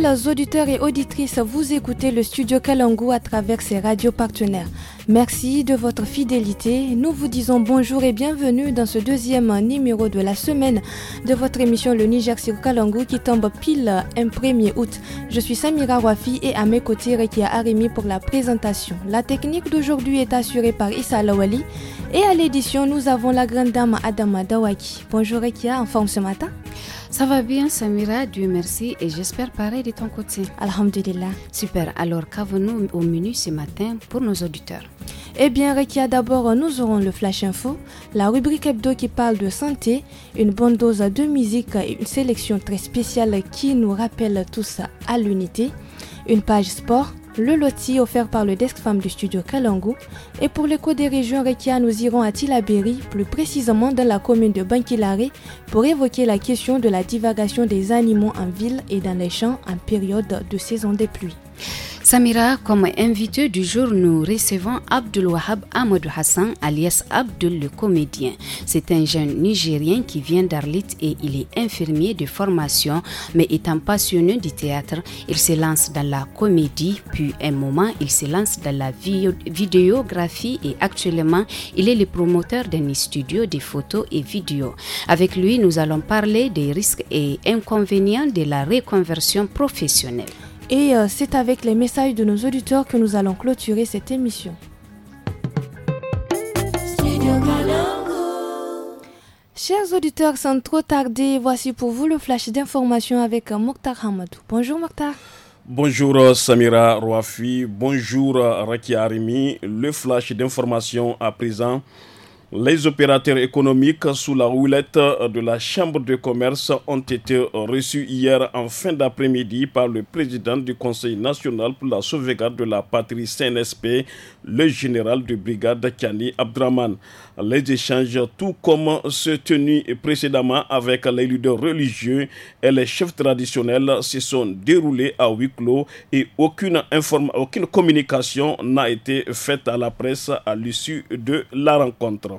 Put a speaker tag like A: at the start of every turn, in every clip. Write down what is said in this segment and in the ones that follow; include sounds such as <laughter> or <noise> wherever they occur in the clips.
A: les auditeurs et auditrices, vous écoutez le studio Kalangu à travers ses radios partenaires. Merci de votre fidélité. Nous vous disons bonjour et bienvenue dans ce deuxième numéro de la semaine de votre émission Le Niger sur Kalangu qui tombe pile un 1er août. Je suis Samira Wafi et à mes côtés Rekia Arimi pour la présentation. La technique d'aujourd'hui est assurée par Issa Lawali et à l'édition, nous avons la grande dame Adama Dawaki. Bonjour Rekia, en forme ce matin Ça va bien Samira, Dieu merci et j'espère pareil de ton côté. Alhamdulillah. Super, alors qu'avons-nous au menu ce matin pour nos auditeurs eh bien, Rekia, d'abord, nous aurons le Flash Info, la rubrique hebdo qui parle de santé, une bonne dose de musique et une sélection très spéciale qui nous rappelle tous à l'unité, une page sport, le loti offert par le Desk Femme du studio Kalangu. Et pour l'éco des régions Rekia, nous irons à Tilaberi, plus précisément dans la commune de Bankilare, pour évoquer la question de la divagation des animaux en ville et dans les champs en période de saison des pluies.
B: Samira, comme invité du jour, nous recevons Abdul Wahab Hassan, alias Abdul le comédien. C'est un jeune Nigérien qui vient d'Arlit et il est infirmier de formation, mais étant passionné du théâtre, il se lance dans la comédie, puis un moment, il se lance dans la vidéographie et actuellement, il est le promoteur d'un studio de photos et vidéos. Avec lui, nous allons parler des risques et inconvénients de la reconversion
A: professionnelle. Et euh, c'est avec les messages de nos auditeurs que nous allons clôturer cette émission. Chers auditeurs, sans trop tarder, voici pour vous le flash d'information avec euh, Mokhtar Hamadou. Bonjour
C: Mokhtar. Bonjour euh, Samira Rouafi, bonjour Raki Harimi. Le flash d'information à présent. Les opérateurs économiques sous la roulette de la Chambre de commerce ont été reçus hier en fin d'après-midi par le président du Conseil national pour la sauvegarde de la patrie CNSP, le général de brigade Kani Abdraman. Les échanges, tout comme ceux tenus précédemment avec les leaders religieux et les chefs traditionnels, se sont déroulés à huis clos et aucune, aucune communication n'a été faite à la presse à l'issue de la rencontre.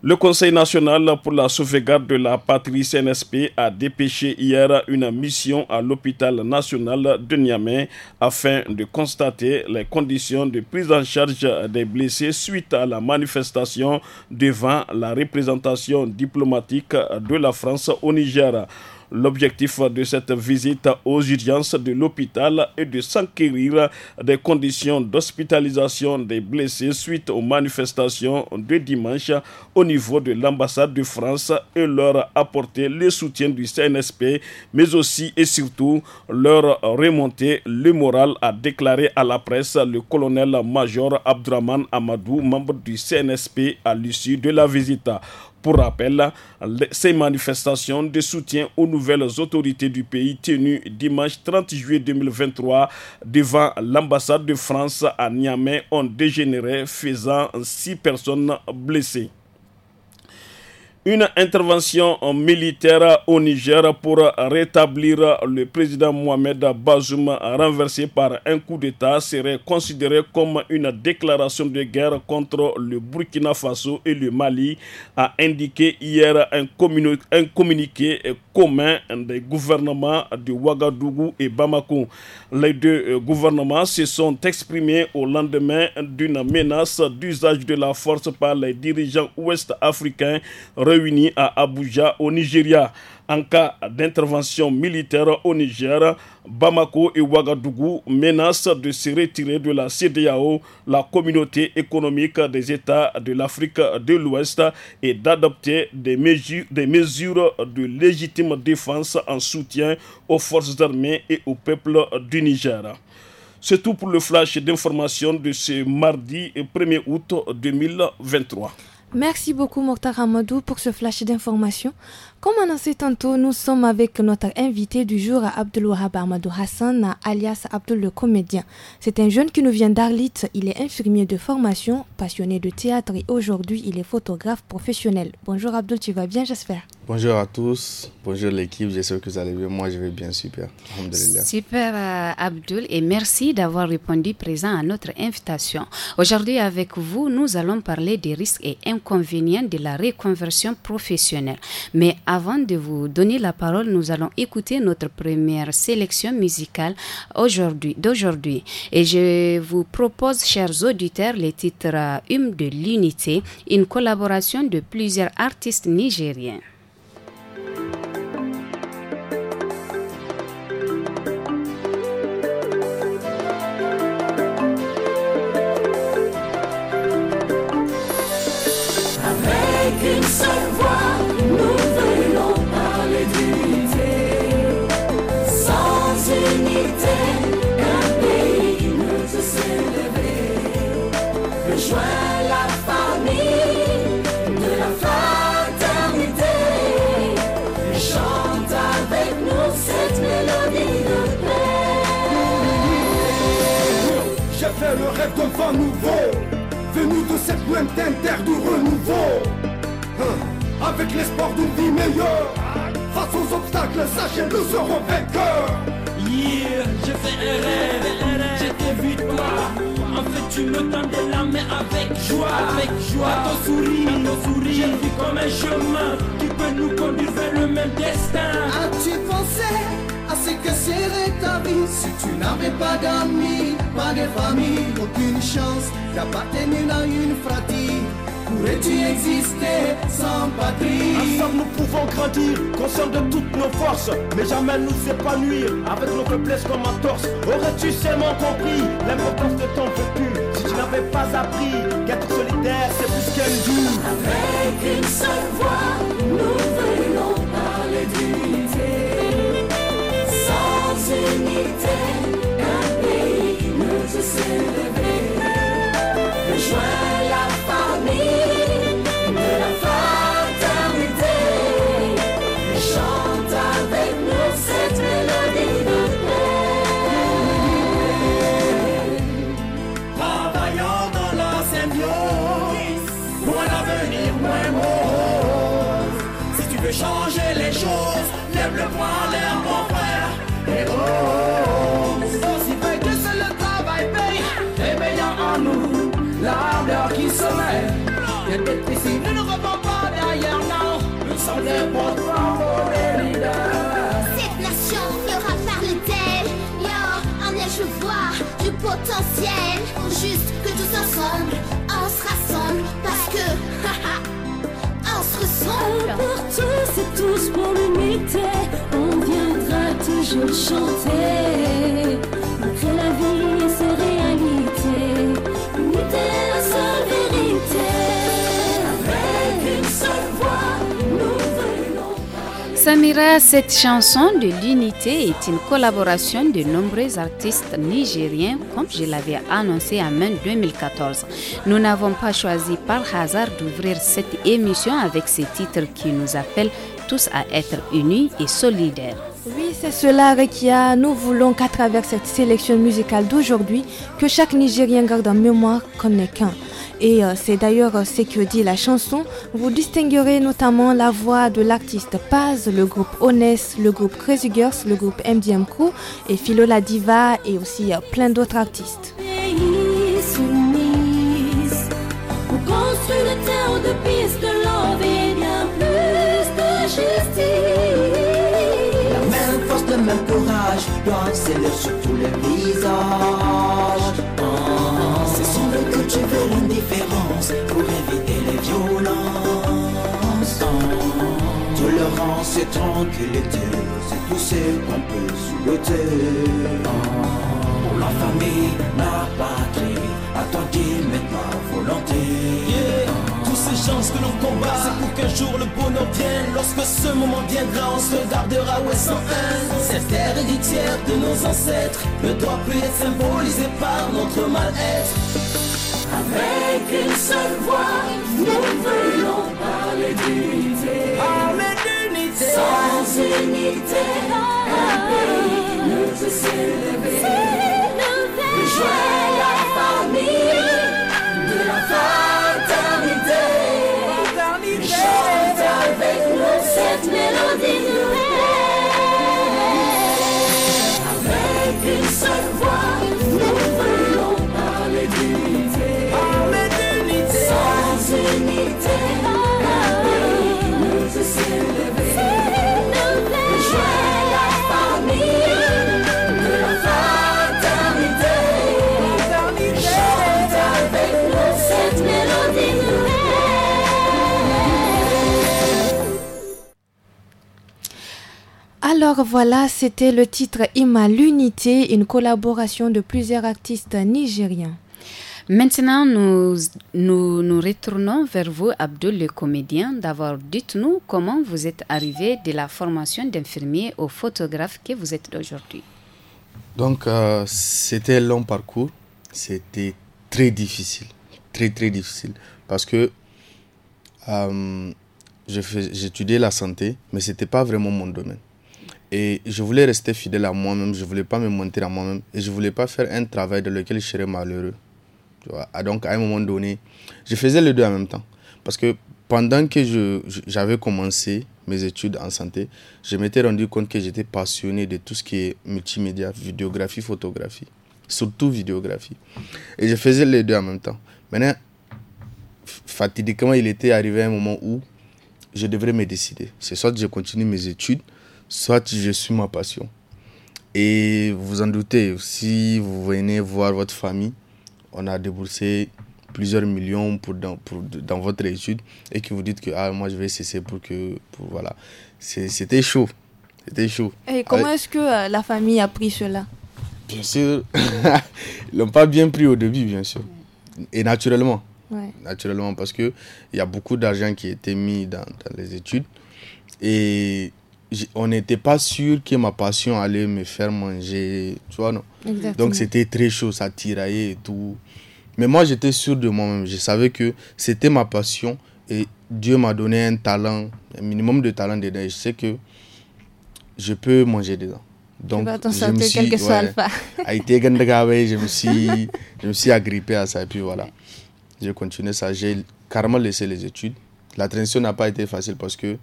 C: Le Conseil national pour la sauvegarde de la patrie CNSP a dépêché hier une mission à l'hôpital national de Niamey afin de constater les conditions de prise en charge des blessés suite à la manifestation devant la représentation diplomatique de la France au Niger. L'objectif de cette visite aux urgences de l'hôpital est de s'enquérir des conditions d'hospitalisation des blessés suite aux manifestations de dimanche au niveau de l'ambassade de France et leur apporter le soutien du CNSP, mais aussi et surtout leur remonter le moral, a déclaré à la presse le colonel-major Abdraman Amadou, membre du CNSP à l'issue de la visite. Pour rappel, ces manifestations de soutien aux nouvelles autorités du pays tenues dimanche 30 juillet 2023 devant l'ambassade de France à Niamey ont dégénéré, faisant six personnes blessées une intervention militaire au Niger pour rétablir le président Mohamed Bazoum renversé par un coup d'État serait considérée comme une déclaration de guerre contre le Burkina Faso et le Mali, a indiqué hier un, un communiqué commun des gouvernements de Ouagadougou et Bamako. Les deux gouvernements se sont exprimés au lendemain d'une menace d'usage de la force par les dirigeants ouest-africains réunis à Abuja, au Nigeria. En cas d'intervention militaire au Niger, Bamako et Ouagadougou menacent de se retirer de la CDAO, la communauté économique des États de l'Afrique de l'Ouest, et d'adopter des mesures, des mesures de légitime défense en soutien aux forces armées et au peuple du Niger. C'est tout pour le flash d'information de ce mardi 1er août 2023.
A: Merci beaucoup Mokhtar Hamadou pour ce flash d'informations. Comme annoncé tantôt, nous sommes avec notre invité du jour, Abdelwahab Amadou Hassan, alias Abdel le comédien. C'est un jeune qui nous vient d'Arlit, il est infirmier de formation, passionné de théâtre et aujourd'hui il est photographe professionnel. Bonjour Abdel, tu vas bien j'espère
D: Bonjour à tous, bonjour l'équipe, j'espère que vous allez bien. Moi, je vais bien, super.
B: Super, euh, Abdul, et merci d'avoir répondu présent à notre invitation. Aujourd'hui, avec vous, nous allons parler des risques et inconvénients de la reconversion professionnelle. Mais avant de vous donner la parole, nous allons écouter notre première sélection musicale aujourd'hui, d'aujourd'hui. Et je vous propose, chers auditeurs, les titres Hume euh, de l'Unité, une collaboration de plusieurs artistes nigériens.
E: nouveau, venu de cette lointaine terre du renouveau. Hein. avec l'espoir d'une vie meilleure, face aux obstacles, sachez nous serons vainqueurs. Yeah, j'ai fait un rêve, j'étais victoire. En fait, tu me tendais la main avec joie, avec joie. ton sourire, ton sourire, j'ai vu comme un chemin qui peut nous conduire vers le même destin. As-tu pensé? que serait ta vie si tu n'avais pas d'amis, pas de famille, aucune chance
C: d'appartenir à une fratrie Pourrais-tu exister sans patrie Ensemble nous pouvons grandir, conscients de toutes nos forces Mais jamais nous épanouir avec nos faiblesses comme un torse Aurais-tu seulement compris l'importance de ton vécu Si tu n'avais
E: pas appris qu'être solidaire c'est plus qu'un doux Avec une seule voix, nous Un pays qui nous a sélevé. Rejoins la famille de la fraternité. Chante avec nous cette mélodie de paix. Travaillons dans la symbiose. Moins l'avenir, moins beau. Si tu veux changer les choses, n'aime-le point l'air juste que tous ensemble, on se rassemble. Parce que, haha, <laughs> on se ressemble. Pour tous et tous pour l'unité, on viendra toujours chanter. Malgré la vie et ses
B: Samira, cette chanson de l'unité est une collaboration de nombreux artistes nigériens, comme je l'avais annoncé en mai 2014. Nous n'avons pas choisi par hasard d'ouvrir cette émission avec ce titre qui nous appelle tous à être unis et solidaires.
A: Oui, c'est cela, Rekia. Ah, nous voulons qu'à travers cette sélection musicale d'aujourd'hui, que chaque Nigérien garde en mémoire qu'on n'est qu'un. Et euh, c'est d'ailleurs euh, ce que dit la chanson. Vous distinguerez notamment la voix de l'artiste Paz, le groupe Honest, le groupe Crazy Girls, le groupe MDM Crew et Philola Diva et aussi euh, plein d'autres artistes.
E: même force, le même courage, les C'est et tranquillité, c'est tout ce qu'on peut souhaiter. pour oh, la famille, la patrie, à toi qui
F: ma volonté. Tous ces gens que l'on combat, c'est pour qu'un jour le bonheur vienne. Lorsque ce moment viendra, on se où est sans fin. Cette terre héritière de nos ancêtres ne doit plus être symbolisée par notre mal-être.
E: Avec une seule voix, nous voulons parler l'église unité, sans unité, un pays ne peut s'élever. S'élever.
A: Alors voilà, c'était le titre Ima l'unité, une collaboration de plusieurs artistes nigériens. Maintenant,
B: nous, nous, retournons vers vous, Abdul, le comédien. D'abord, dites-nous comment vous êtes arrivé de la formation d'infirmier au photographe que vous êtes aujourd'hui.
D: Donc, euh, c'était un long parcours. C'était très difficile. Très, très difficile. Parce que euh, j'étudiais la santé, mais ce n'était pas vraiment mon domaine. Et je voulais rester fidèle à moi-même, je ne voulais pas me mentir à moi-même et je ne voulais pas faire un travail dans lequel je serais malheureux. Ah, donc à un moment donné, je faisais les deux en même temps. Parce que pendant que j'avais je, commencé mes études en santé, je m'étais rendu compte que j'étais passionné de tout ce qui est multimédia, vidéographie, photographie, surtout vidéographie. Et je faisais les deux en même temps. Maintenant, fatidiquement, il était arrivé un moment où je devrais me décider. C'est soit je continue mes études soit je suis ma passion. Et vous en doutez, si vous venez voir votre famille, on a déboursé plusieurs millions pour dans, pour, dans votre étude et que vous dites que ah, moi je vais cesser pour que. Pour, voilà. C'était chaud. C'était chaud.
A: Et comment est-ce que euh, la famille a pris cela
D: Bien sûr. <laughs> Ils l'ont pas bien pris au début, bien sûr. Et naturellement. Naturellement, parce qu'il y a beaucoup d'argent qui a été mis dans, dans les études. Et on n'était pas sûr que ma passion allait me faire manger, tu vois, non Donc c'était très chaud, ça tiraillait et tout. Mais moi, j'étais sûr de moi-même. Je savais que c'était ma passion et Dieu m'a donné un talent, un minimum de talent dedans. je sais que je peux manger dedans. Donc, je, me suis, <laughs> je me suis, je me suis agrippé à ça. Et puis voilà, j'ai continué ça. J'ai carrément laissé les études. La transition n'a pas été facile parce que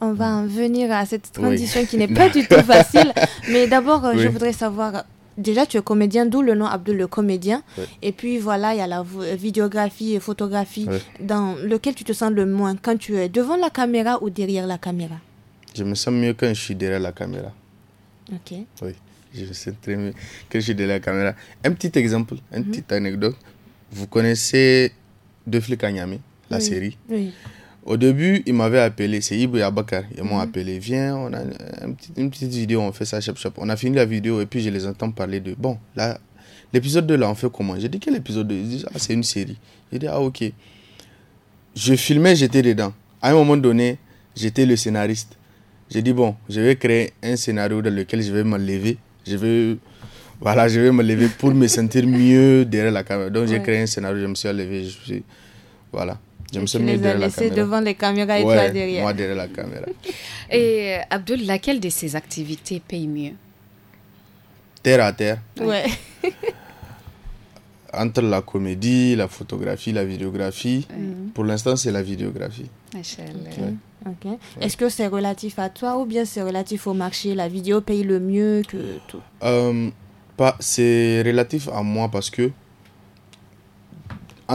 A: on va en venir à cette transition qui n'est <laughs> pas du tout facile. Mais d'abord, euh, je voudrais savoir, déjà, tu es comédien, d'où le nom Abdul le comédien. Et puis voilà, il y a la vidéographie et photographie dans lequel tu te sens le moins quand tu es devant la caméra ou derrière la caméra.
D: Je me sens mieux quand je suis derrière la caméra. Ok. Oui, je me sens très mieux quand je suis derrière la caméra. Un petit exemple, une mhm. petite anecdote. Vous connaissez Deux flics à la série. Oui. Au début, il m'avait appelé, c'est Ibou Abakar. Ils m'ont mhm. appelé, viens, on a une petite, vidéo, on fait ça, shop shop. On a fini la vidéo et puis je les entends parler de, bon, là, l'épisode 2, là, on fait comment J'ai dit, quel épisode Ils disent, ah, c'est une série. J'ai dit, ah, ok. Je filmais, j'étais dedans. À un moment donné, j'étais le scénariste. J'ai dit, bon, je vais créer un scénario dans lequel je vais me lever. Je vais voilà, je vais me lever pour me sentir mieux derrière la caméra. Donc, j'ai créé un scénario, je me suis levé, je Voilà. Je me suis mis derrière la caméra. devant
A: les caméras
B: et derrière. Moi
D: derrière la caméra.
B: <laughs> et Abdul, laquelle de ces activités paye mieux
D: Terre à terre.
A: Ouais. <laughs>
D: Entre la comédie, la photographie, la vidéographie. Mm-hmm. Pour l'instant, c'est la vidéographie.
A: Ah, Est-ce que c'est relatif à toi ou bien c'est relatif au marché La vidéo paye le mieux que tout
D: euh, C'est relatif à moi parce que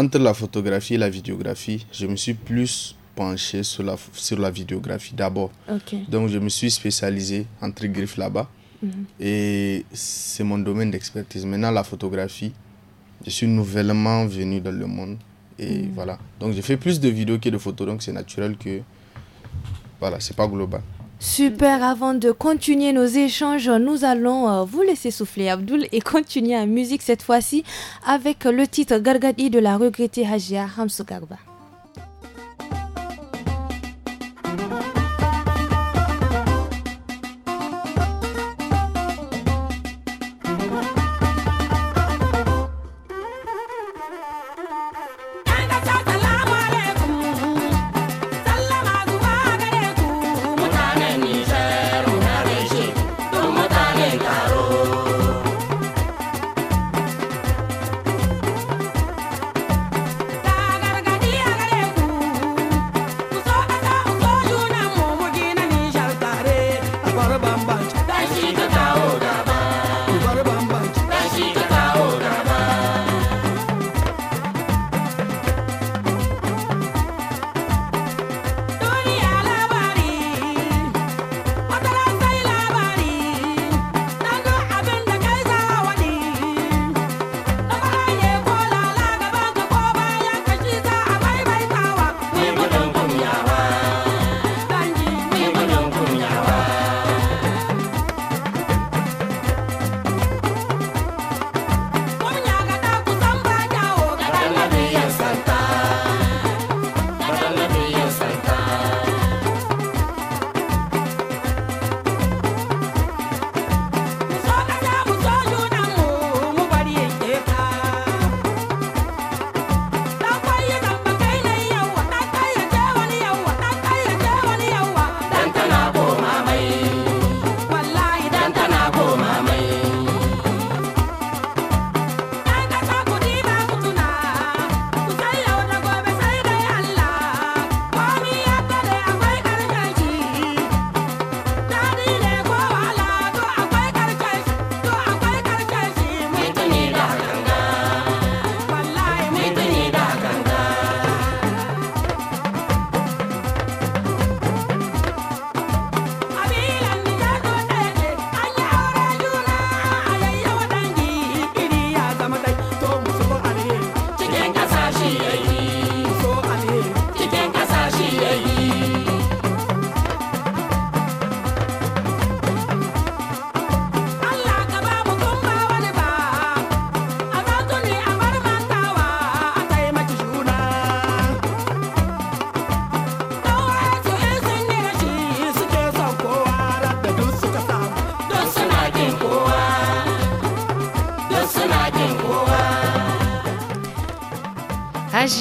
D: entre la photographie et la vidéographie, je me suis plus penché sur la, sur la vidéographie d'abord. Donc, je me suis spécialisé entre griffes là-bas. Mhm. Et c'est mon domaine d'expertise. Maintenant, la photographie, je suis nouvellement venu dans le monde. Et mhm. voilà. Donc, je fais plus de vidéos que de photos. Donc, c'est naturel que. Voilà, c'est pas global.
A: Super, avant de continuer nos échanges, nous allons euh, vous laisser souffler Abdul et continuer en musique cette fois-ci avec le titre Gargadi de la regrettée Hajia Hamsou Garba.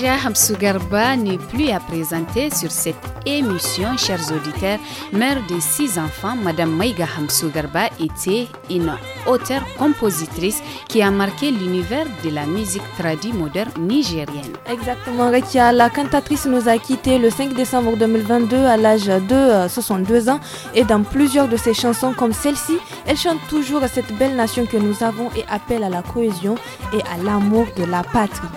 B: Mme n'est plus à présenter sur cette émission, chers auditeurs. Mère de six enfants, Madame Maïga Hamsougarba était une auteure-compositrice qui a marqué l'univers de la musique tradie moderne nigérienne.
A: Exactement, Rekia. La cantatrice nous a quittés le 5 décembre 2022 à l'âge de 62 ans et dans plusieurs de ses chansons comme celle-ci, elle chante toujours cette belle nation que nous avons et appelle à la cohésion et à l'amour de la patrie.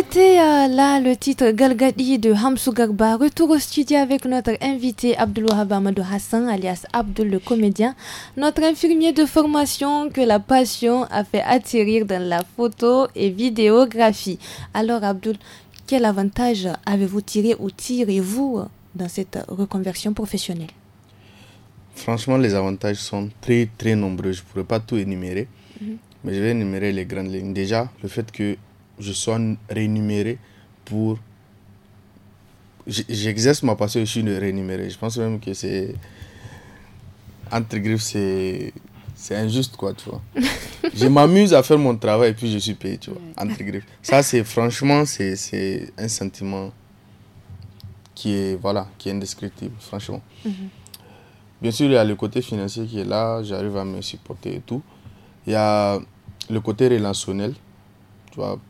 A: C'était euh, là le titre Galgadi de Hamsou Garba. Retour au studio avec notre invité Wahab Amadou Hassan, alias Abdel le comédien, notre infirmier de formation que la passion a fait attirer dans la photo et vidéographie. Alors Abdul, quel avantage avez-vous tiré ou tirez-vous dans cette reconversion professionnelle
D: Franchement, les avantages sont très très nombreux. Je ne pourrais pas tout énumérer, mhm. mais je vais énumérer les grandes lignes. Déjà, le fait que je sois rémunéré pour. J'exerce ma passion, je suis rémunéré. Je pense même que c'est. Entre griffes, c'est. C'est injuste, quoi, tu vois. je m'amuse à faire mon travail et puis je suis payé, tu vois. Entre griffes. Ça, c'est franchement, c'est un sentiment qui est, voilà, qui est indescriptible, franchement. Mm-hmm. Bien sûr, il y a le côté financier qui est là, j'arrive à me supporter et tout. Il y a le côté relationnel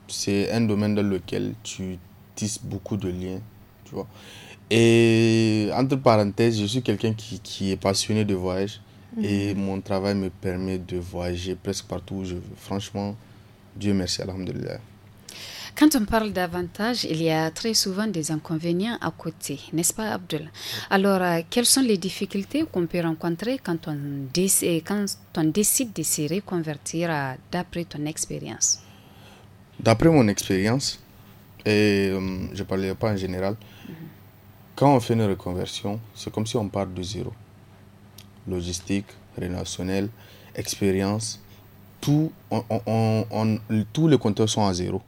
D: c'est un domaine dans lequel tu tisses beaucoup de liens. Tu vois. Et entre parenthèses, je suis quelqu'un qui, qui est passionné de voyage. Mhm. Et mon travail me permet de voyager presque partout où je veux. Franchement, Dieu merci, Alhamdoulilah.
B: Quand on parle d'avantages, il y a très souvent des inconvénients à côté, n'est-ce pas, Abdul Alors, euh, quelles sont les difficultés qu'on peut rencontrer quand on, quand on décide de se reconvertir euh, d'après ton expérience
D: D'après mon expérience, et euh, je ne parlais pas en général, quand on fait une reconversion, c'est comme si on part de zéro. Logistique, relationnel, expérience, tous les compteurs sont à zéro.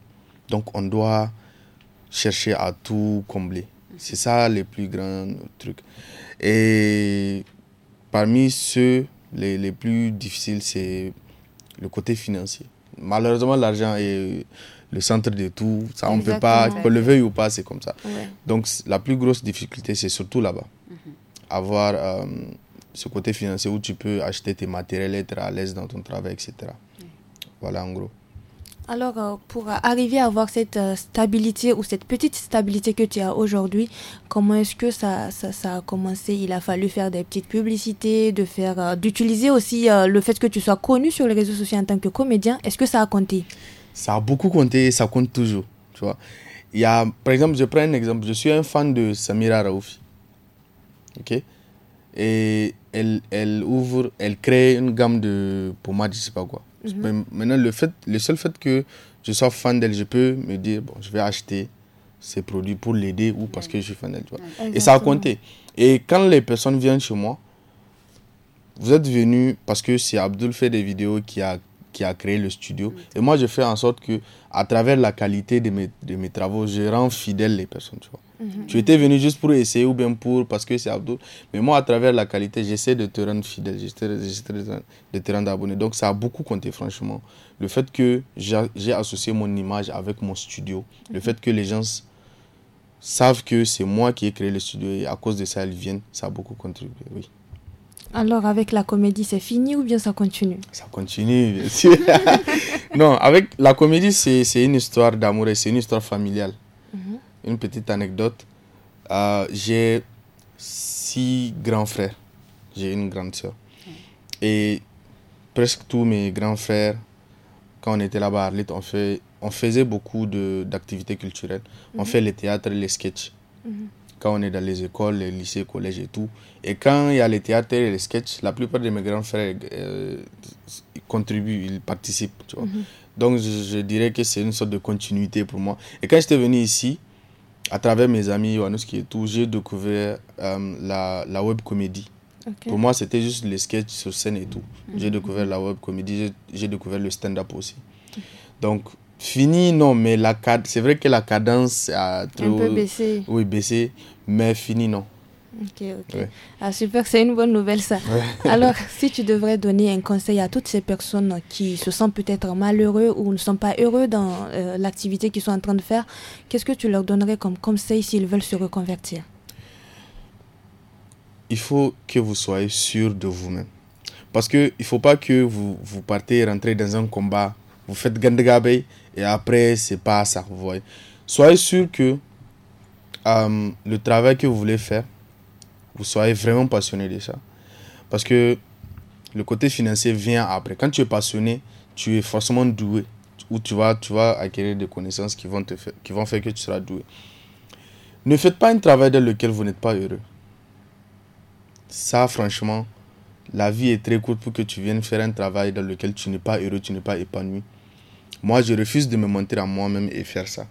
D: Donc on doit chercher à tout combler. C'est ça le plus grand truc. Et parmi ceux les plus difficiles, c'est le côté financier malheureusement, l'argent est le centre de tout. Ça, on ne peut pas, le veuille ou pas, c'est comme ça. Donc, la plus grosse difficulté, c'est surtout là-bas. Mhm. Avoir euh, ce côté financier où tu peux acheter tes matériels, être à l'aise dans ton travail, etc. Voilà, en gros.
A: Alors, euh, pour arriver à avoir cette euh, stabilité ou cette petite stabilité que tu as aujourd'hui, comment est-ce que ça, ça, a commencé Il a fallu faire des petites publicités, de faire, euh, d'utiliser aussi le fait que tu sois connu sur les réseaux sociaux en tant que comédien. Est-ce que ça a compté
D: Ça a beaucoup compté et ça compte toujours. Tu vois Il y par exemple, je prends un exemple. Je suis un fan de Samira Raoufi. Ok Et elle, elle ouvre, elle crée une gamme de moi, je sais pas quoi Mhm. maintenant, le, fait, le seul fait que je sois fan d'elle, je peux me dire, bon, je vais acheter ces produits pour l'aider ou parce que je suis fan d'elle. Et ça a compté. Et quand les personnes viennent chez moi, vous êtes venus parce que si Abdul fait des vidéos qui a qui a créé le studio. Et moi, je fais en sorte que, à travers la qualité de mes, de mes travaux, je rends fidèles les personnes. Tu vois. Mhm. Tu étais venu juste pour essayer ou bien pour, parce que c'est Abdul. Mais moi, à travers la qualité, j'essaie de te rendre fidèle, j'essaie de te rendre abonné. Donc, ça a beaucoup compté, franchement. Le fait que j'ai associé mon image avec mon studio, le mhm. fait que les gens savent que c'est moi qui ai créé le studio et à cause de ça, ils viennent, ça a beaucoup contribué, oui.
A: Alors, avec la comédie, c'est fini ou bien ça continue Ça
D: continue, bien sûr. <laughs> non, avec la comédie, c'est une histoire d'amour et c'est une histoire familiale. Mhm. Une petite anecdote. Euh, j'ai six grands frères. J'ai une grande soeur. Et presque tous mes grands frères, quand on était là-bas à Arlit, on, fait, on faisait beaucoup d'activités culturelles. On mhm. fait le théâtre, les sketchs. Mhm. Quand on est dans les écoles, les lycées, collèges et tout, et quand il y a les théâtres et les sketchs, la plupart de mes grands frères euh, contribuent, ils participent. Mhm. Donc je, dirais que c'est une sorte de continuité pour moi. Et quand j'étais venu ici, à travers mes amis qui et tout, j'ai découvert euh, la, la web comédie. Pour moi, c'était juste les sketchs sur scène et tout. Mhm. J'ai découvert la web comédie, j'ai découvert le stand-up aussi. Donc, fini, non, mais c'est vrai que la cadence a trop. Un peu baissé. Oui, baissé, mais fini, non.
A: Ok, ok. Ah, super, c'est une bonne nouvelle ça. <laughs> Alors, si tu devrais donner un conseil à toutes ces personnes qui se sentent peut-être malheureux ou ne sont pas heureux dans euh, l'activité qu'ils sont en train de faire, qu'est-ce que tu leur donnerais comme conseil s'ils veulent se reconvertir
D: Il faut que vous soyez sûr de vous-même. Parce qu'il ne faut pas que vous, vous partez rentrer dans un combat, vous faites Gandagabe et après, c'est pas ça. Vous voyez. Soyez sûr que euh, le travail que vous voulez faire, vous soyez vraiment passionné de ça. Parce que le côté financier vient après. Quand tu es passionné, tu es forcément doué. Ou tu vas, tu vas acquérir des connaissances qui vont, te faire, qui vont faire que tu seras doué. Ne faites pas un travail dans lequel vous n'êtes pas heureux. Ça, franchement, la vie est très courte pour que tu viennes faire un travail dans lequel tu n'es pas heureux, tu n'es pas épanoui. Moi, je refuse de me mentir à moi-même et faire ça.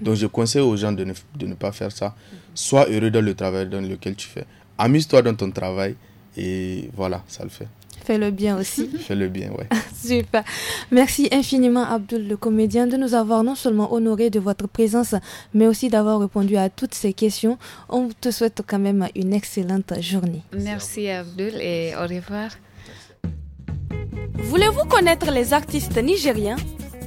D: Donc je conseille aux gens de ne, pas faire ça. Sois heureux dans le travail dans lequel tu fais. Amuse-toi dans ton travail et voilà, ça le fait.
A: Fais le bien aussi. <laughs> Fais
D: le bien, ouais. <laughs>
A: Super. Merci infiniment, Abdul, le comédien, de nous avoir non seulement honoré de votre présence, mais aussi d'avoir répondu à toutes ces questions. On te souhaite quand même une excellente journée.
B: Merci, Abdul, et au revoir.
A: Voulez-vous connaître les artistes nigériens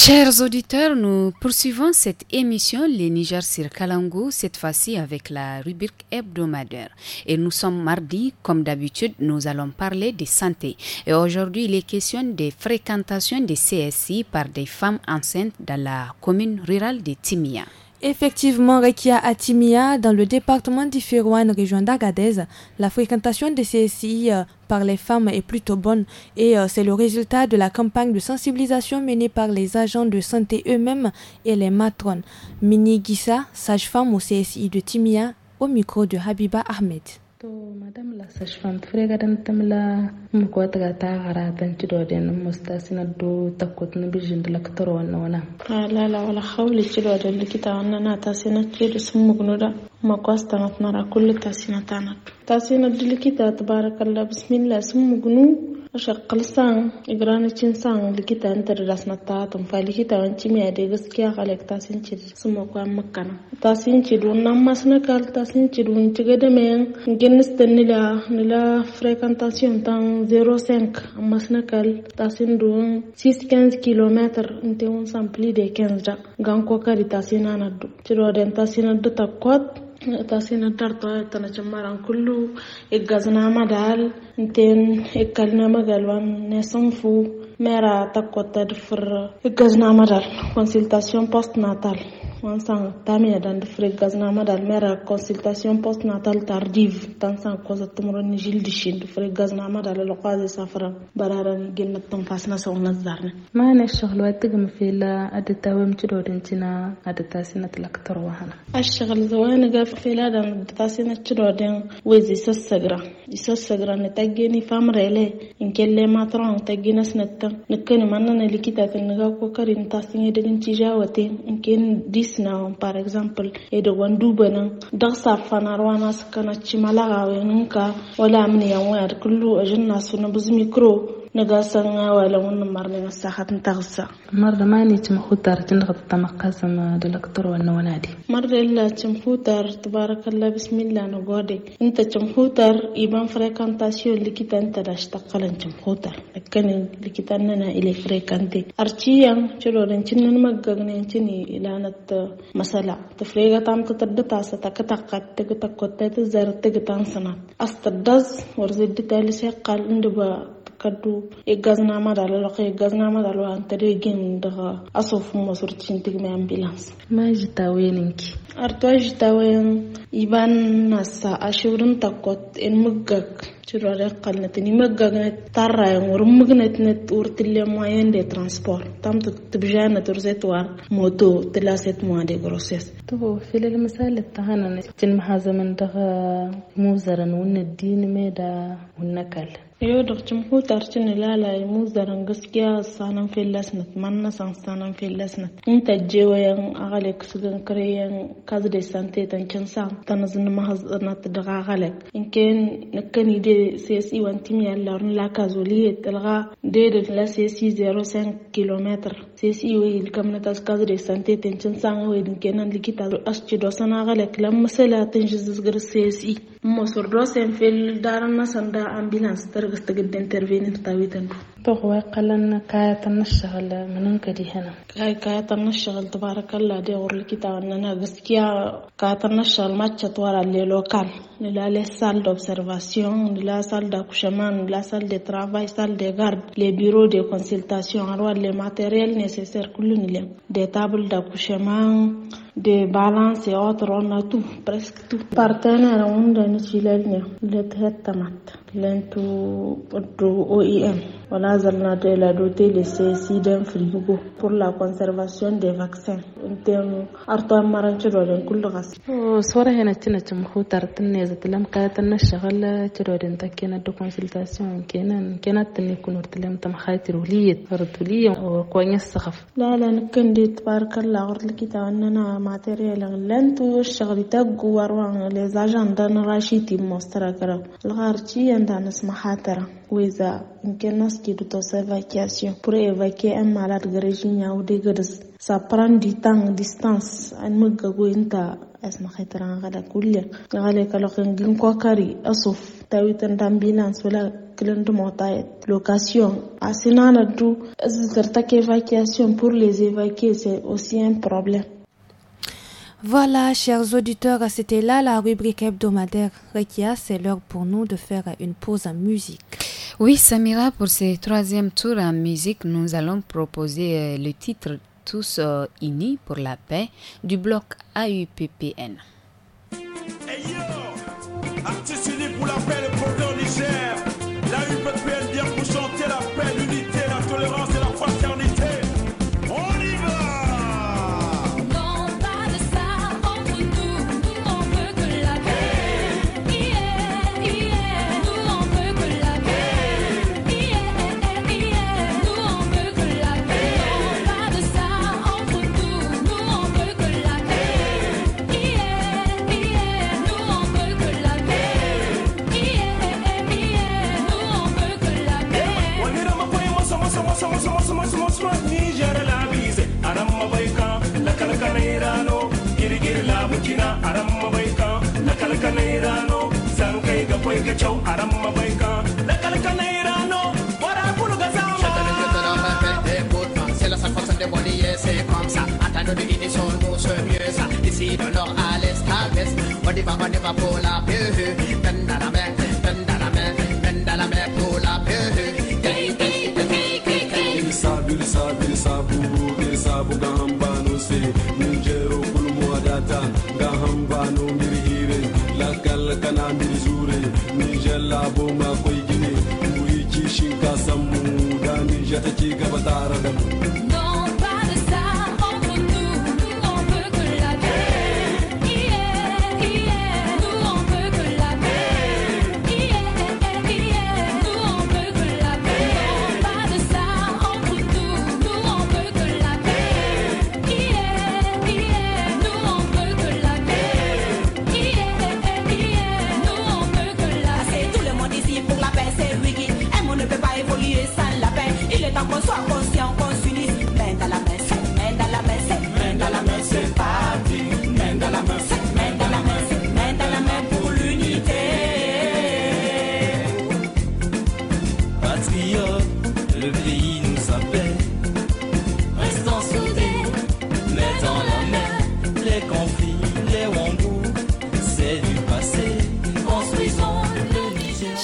B: Chers auditeurs, nous poursuivons cette émission Les Niger sur Kalango, cette fois-ci avec la rubrique hebdomadaire. Et nous sommes mardi, comme d'habitude, nous allons parler de santé. Et aujourd'hui, il est question des fréquentations des CSI par des femmes enceintes dans la
A: commune rurale de Timia. Effectivement, Rekia Atimia, dans le département d'Ifirouane, région d'Agadez, la fréquentation des CSI euh, par les femmes est plutôt bonne et euh, c'est le résultat de la campagne de sensibilisation menée par les agents de santé eux-mêmes et les matrones. Mini Gissa, sage-femme au CSI de Timia, au micro de Habiba
G: Ahmed. to madam la la sashfant fregadan tamla mko tagata haratan cidoden musta sinadu takut na bijin da laktaro wannan wana
H: la la wala khawli cidoden likita wannan na ta sina sinacce da sun da maqaas tanatnara kulli taasina tanak taasina dilikita tabarakallah bismillah sumu gunu shakal san igranicin san likita an tare rasna ta tamfa likita an ci miya da gaskiya halak ta sun ci su makwa makana ta sun ci don nan mas na kal ta sun ci don ci ga da mayan ginnis da nila nila frequentation tan 05 mas na kal ta sun don 6 km inte un sampli de 15 da gan ko kari ta den ta sun da እታ ሲነዳር ተ ኩሉ እገዝና መዳል እንቴን እከልና መገልባን ነሰንፉ ሜራ ተቆጠድ ፍር እገዝና መዳል ኮንሲልታሲዮን ፖስት ናታል Ansang tamiya dan defre gaznamadal mera consultation natal tardive tan san tumro ni jil dishin defre gazna madal lo safra barara ni gilna tan fasna so na zarna
G: ma na shghlu fila adata wem tidodentina adata sinat laktar wahana
H: ashghal zawana ga fila dan adata sinat tidodin wezi sasagra jisassagra na taggeni famrele in kelle matra na taggina snatta nakkani manna ne likita ta naga kokari ta tasin da din tijawate in ken disna on par example e da wandu banan dag sa fanarwa na sakana chimala ga wenka wala amni yan a kullu ajinna suna buzmi kro نقاسنا ولا ون ونمر نقاسا نتغسى
G: مرة ماني مخوتر تنغط ما تمقاسم دلكتور ونادي
H: مرة إلا تمخوتر تبارك الله بسم الله نقودي انت تمخوتر يبان فريكانتاسيو اللي كتا انت لاش أنت مخوتر لكن اللي كتا اننا إلي فريكانتي أرتيا شلو رنشن نمققني انتني إلانت مسألة تفريقة تام تاسة تكتا قد تكتا قد تتزار تكتا سنة أستدز ورزيد تالي سيقال اندبا kaddu igazna madalo lako igazna madalo antare gen daga asof mo surtin tigme ambulance ma jita weninki arto jita wen iban nasa ashurun takot en muggak ترى قلنت ني مغغنت طرا ور مغنتنت ور تلي ماين دي ترانسبور تام تبجانا ترزيت وار موتو تلاسيت مو دي غروسيس
G: تو في المثال التهانا تن محازمن دغ موزرن ون الدين ميدا ونكل
H: Iyodogchim hutarchini lalai mu zaran gaskiya sanan fellasnat manna san sanan fellasnat in tajje wayan agalek sugan kreyan kazu de sante tan kin sam tan zin mahaznat daga agalek in ken nakani de csi wan tim yallar la kazoliye talga de de la csi 05 km csi wayil kamnatas kazu de sante tan kin sam wayil kenan likita asci do sana agalek lam masala tan jizgir csi mo sordo sen fel darana sanda ambulance tar steked intervennim stawiтанngu. بغوي قلنا كاية vous من de هنا كاية تبارك الله دي غور الكتاب اننا كاية de la d'observation la salle d'accouchement la salle de travail salle de garde les bureaux de consultation avoir les matériels nécessaires كل des tables d'accouchement des balances et autres on tout presque tout partenaire on le traitement de On a Zalnato et l'a doté de ceci d'un frigo pour la conservation des vaccins. أرطان مرن ترودن كل غس
G: صورة هنا تنا تمخو ترتني إذا تلم كاتنا الشغل ترودن تكينا دو كونسلتاسيون كينا كينا تني كنور تلم تمخاتر ولية فرد ولية وقوانيا السخف
H: لا لا نكن دي تبارك الله غرد الكتاب أننا ماتيريال غلانت والشغل تاقو وروان لزاجان دان راشيتي موسترا كرا الغارتي عندها نسمحاترا وإذا يمكن نس d'auto-évacuation pour évacuer un malade gréjigna ou dégueulasse. Ça prend du temps, distance. An magagointa asma khitran gada kulli. Gale kalokin gin kokari asuf tawitan d'ambulance wala kilin motayet. Location. Asinana du, évacuation pour les évacuer, c'est aussi un problème.
A: Voilà, chers auditeurs, c'était
H: là la rubrique hebdomadaire
A: Rekia. C'est l'heure pour nous de faire une pause en musique. Oui, Samira, pour ce
B: troisième tour en musique, nous allons proposer euh, le titre Tous euh, unis pour la paix du bloc AUPPN.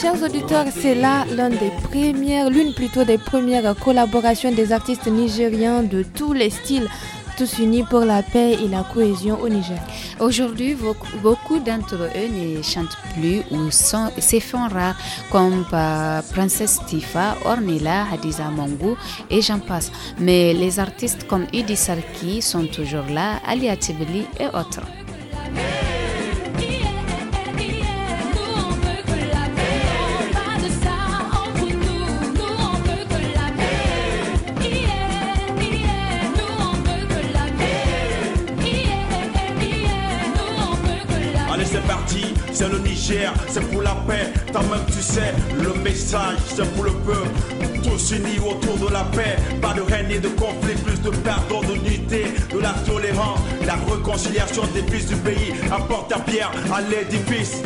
A: Chers auditeurs, c'est là l'une des premières, l'une plutôt des premières collaborations des artistes nigériens de tous les styles tous unis pour la paix et la cohésion au Niger.
B: Aujourd'hui, beaucoup d'entre eux ne chantent plus ou s'effondrent comme euh, Princesse Tifa, Ornella, Hadiza Mangou et j'en passe. Mais les artistes comme Udi Sarki sont toujours là, Ali Tibeli et autres.
C: c'est pour la paix. Toi-même, tu sais, le message, c'est pour le peuple. Tous unis autour de la paix. Pas de règne et de conflit, plus de pardon, d'unité, de la tolérance. La réconciliation des fils du pays apporte à pierre à l'édifice.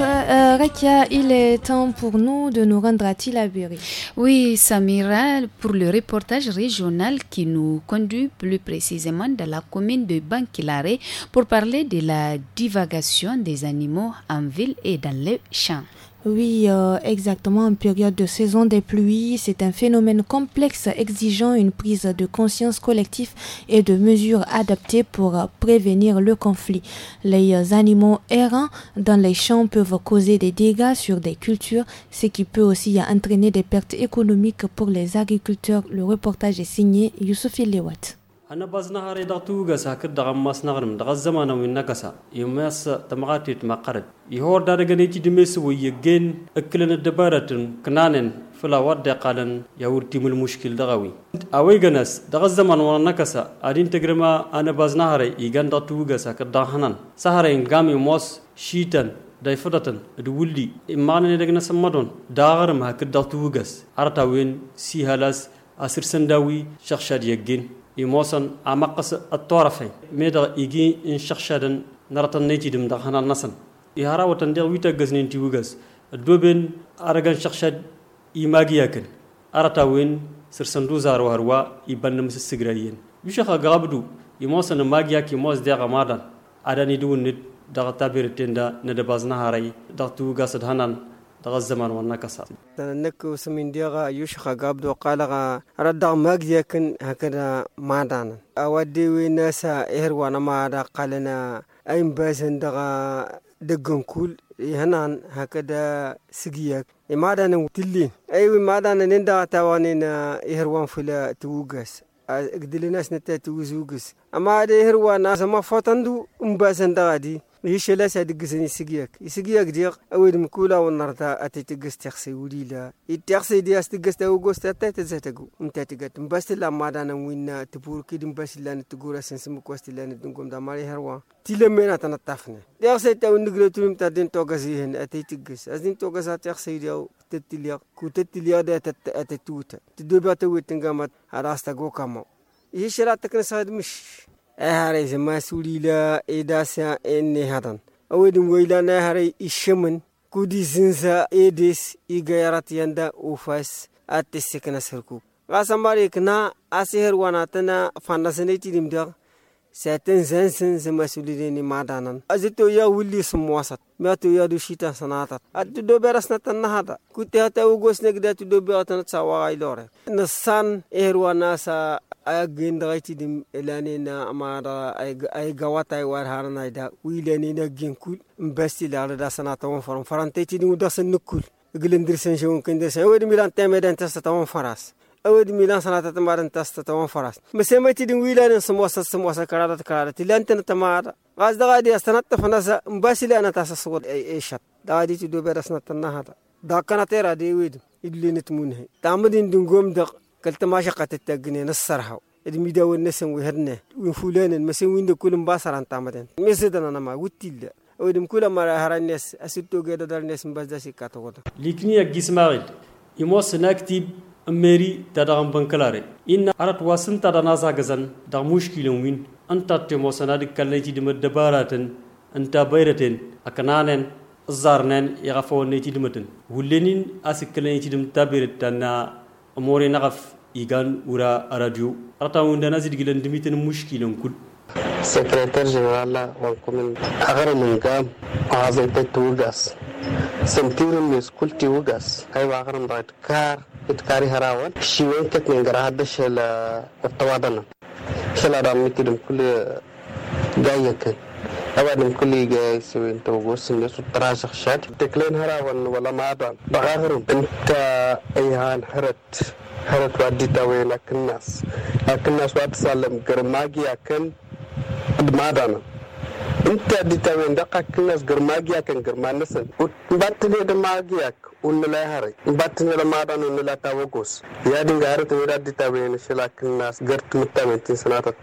A: Euh, Rekia, il est temps pour nous de nous rendre à Tilaburi.
B: Oui, Samira, pour le reportage régional qui nous conduit plus précisément dans la commune de Banquilaré pour parler de la divagation des
A: animaux en ville et dans les champs. Oui, euh, exactement. En période de saison des pluies, c'est un phénomène complexe exigeant une prise de conscience collective et de mesures adaptées pour euh, prévenir le conflit. Les animaux errants dans les champs peuvent causer des dégâts sur des cultures, ce qui peut aussi entraîner des pertes économiques pour les agriculteurs. Le reportage est signé Youssouf Lewat.
I: أنا باز نهار إذا توجسا كده غماس نغرم دغ الزمان وينكسا يمس تمغاتي تمقرد يهور دارجني تدمس ويجين أكلنا الدبارة كنانن فلا ورد قالن يورتي من المشكل دغوي أوي جنس دغ الزمان ونكسا أدين تجرما أنا باز نهار يجان دا توجسا كده هنن سهرين قامي موس شيتن dayfadatan ad wulli imaananedagna samadon daaqarmaha ka daqtu wugas artawin sihalas halas asir sandawi shaqshad yagin يموسن أمقص الطرفين ميدا إيجي إن شخشدن نرتن نيتي دم دخنا النسن يهرا وتندير ويتا جزنين تيوجز الدوبن أرجن شخشد إيماجي يأكل أرتاوين سرسندو زارو هروا يبان مس السجرايين يشخا قابدو يموسن ماجيا كيموس ديا غمادن أداني دون ند دغ تابير تندا ندبازنا هاري دغ توجا دغه زمان ورنا كسر
J: نك وسمين ديغا يوشخا قابدو قالغا ردغ ماك كن هكذا ما دانا اودي ويناسا ايروانا ما دا قالنا اين باسن دغا دقن كول هنان هكذا سجيك ما دانا تلين أي ما دانا نندا تاوانين ايروان فلا توقس ناس نتا توزوقس اما دي هروانا زما فوتندو مباسن دغادي يشلا سادقسني سقياك يسقياك ديق أود مكولا والنرتا أتي تقس تخسي وليلا التخسي دي أستقس تاوغوست أتي تزاتقو متا تقات مباس لا مادانا وينا تبور كيد مباس لا نتقورا سنسمك واست لا ندنقوم دا ماري هروا تيلمينا تنطفنا ديخسي تاو نقلتو متا دين توقسي أتي تقس أزين توقس أتي ديو تتليا كو تتليا دا أتتوتا تدوبا تويت نقامت هراس تقو كامو يشلا تكنسا مش eharei masulila edasa enne hatan awedin goilan eharei ishemen kudi zinza edes igayarat yanda ufas atesekna serku gasambare kna aseher Certains anciens e e se masulideni madanan. Azito ya wili sumwasat. Miatu ya dushita sanatat. Atu doberas na tanahata. Kuti hata ugos negda tu doberas na tsawaga ilore. Nasan erwa nasa agendraiti dim elani na amara ay gawata ay warharana ida. Wilani na ginkul. Mbesti la rada sanata wanfaran. Faranteti di udasan nukul. Glendirsen jewon kendirsen. Wedi milan temeden testa tawan faras. أود ميلان سنة تمارن تاستا تمام فراس مسميتي دين ويلان سموسة سموسة كرارة كرارة لأن تنتمار غاز دغادي استنت فنسا مباسي أنا تاسا سوال أي أي شط دغادي تدو برسنا تنهاتا دا كانت تيرا دي ويد اللي نتمونه تامدين دين قوم دق قلت ما شقة التقني نصرها ادمي ميدا ونسن وهرنا وين فلان ويند كل مباسر عن تعمدين مسدنا أنا ما وتيلا ودم كل مرة هرنس أسيتو قيدا دار ناس كاتو كاتوغدا لكني أجيس مارد يموس
I: نكتب meri tadagam bankalare inna arat wasin tadana sagazan da mushkilin win an tatte mo sanadik kallaiti dima dabaratin anta bayratin akananen zarnen yagafo neti dimatin wullenin asikkallaiti dim tabirit tanna amore nagaf igan ura radio arata wunda nazid gilan dimitin
K: mushkilin kul secrétaire général la mon commune agar mun gam azay tetugas samtiiran meeskulti wugas haybaa qaran dhayd kaar mid kaari haraawan shiweyntatnin garahada shela irtawaadana shelaadhaan mikidham kule gaayakan abaadham kuliga siweynta ugosingesu taraashaqshaad tekleen haraawan walamaadaan dhaqaaharun inta ayhaan herad herad waa ditaweyn akinaas akinaas waa tisalam garmaagiyakan admaadana inta dita wen da kakin as garmagiya kan garma nasan battale da magiya unilai hare batti nila madan unila tabo gos ya dinga harit mira dita bayani shila kinas gert mutamentin sanatat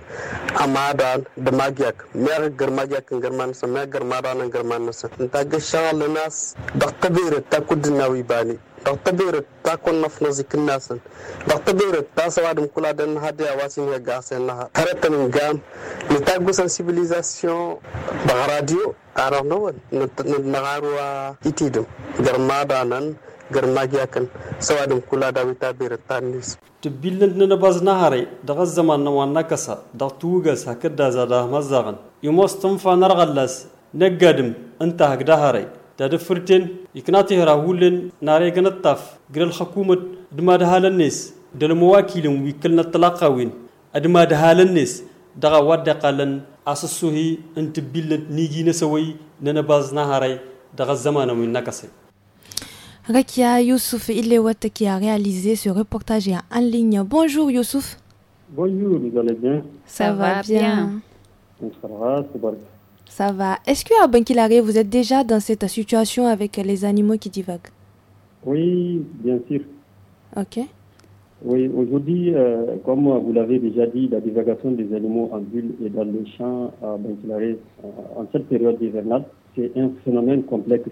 K: amadan da magiyak mer garmagiyak garman sa mer garmadan garman sa ta gashal nas da qabira ta kudnawi bani dr birit ta konnaf nozi kinnasan dr birit ta sawadim kula den hade a wasin ya gasen na haratan gam ni ta gusan civilisation ba radio aram no nagarwa itidum garma danan garma giyakan sawadum kula
I: da wita bere tanis tibillan na baz nahare da zaman na wanna kasa da tuga sakar da zada mazagan yumos tunfa nargallas nagadim anta hagda hare da da furtin iknati hara hulin nare ganat taf giral hukumat duma da halannis da mawakilin wikil na talaqawin adma da halannis daga wadda qalan Rekia inti billet nigi na baz na
A: Rakia Youssouf Ilewat qui a réalisé ce reportage en ligne. Bonjour Youssouf.
L: Bonjour, vous allez bien Ça, va, bien. Ça va, c'est bon.
A: Ça va. Est-ce que à vous êtes déjà dans cette situation avec les animaux qui divaguent
L: Oui, bien sûr. Ok. Oui, aujourd'hui, euh, comme vous l'avez déjà dit, la divagation des animaux en ville et dans les champs à euh, en cette période hivernale, c'est un phénomène complexe.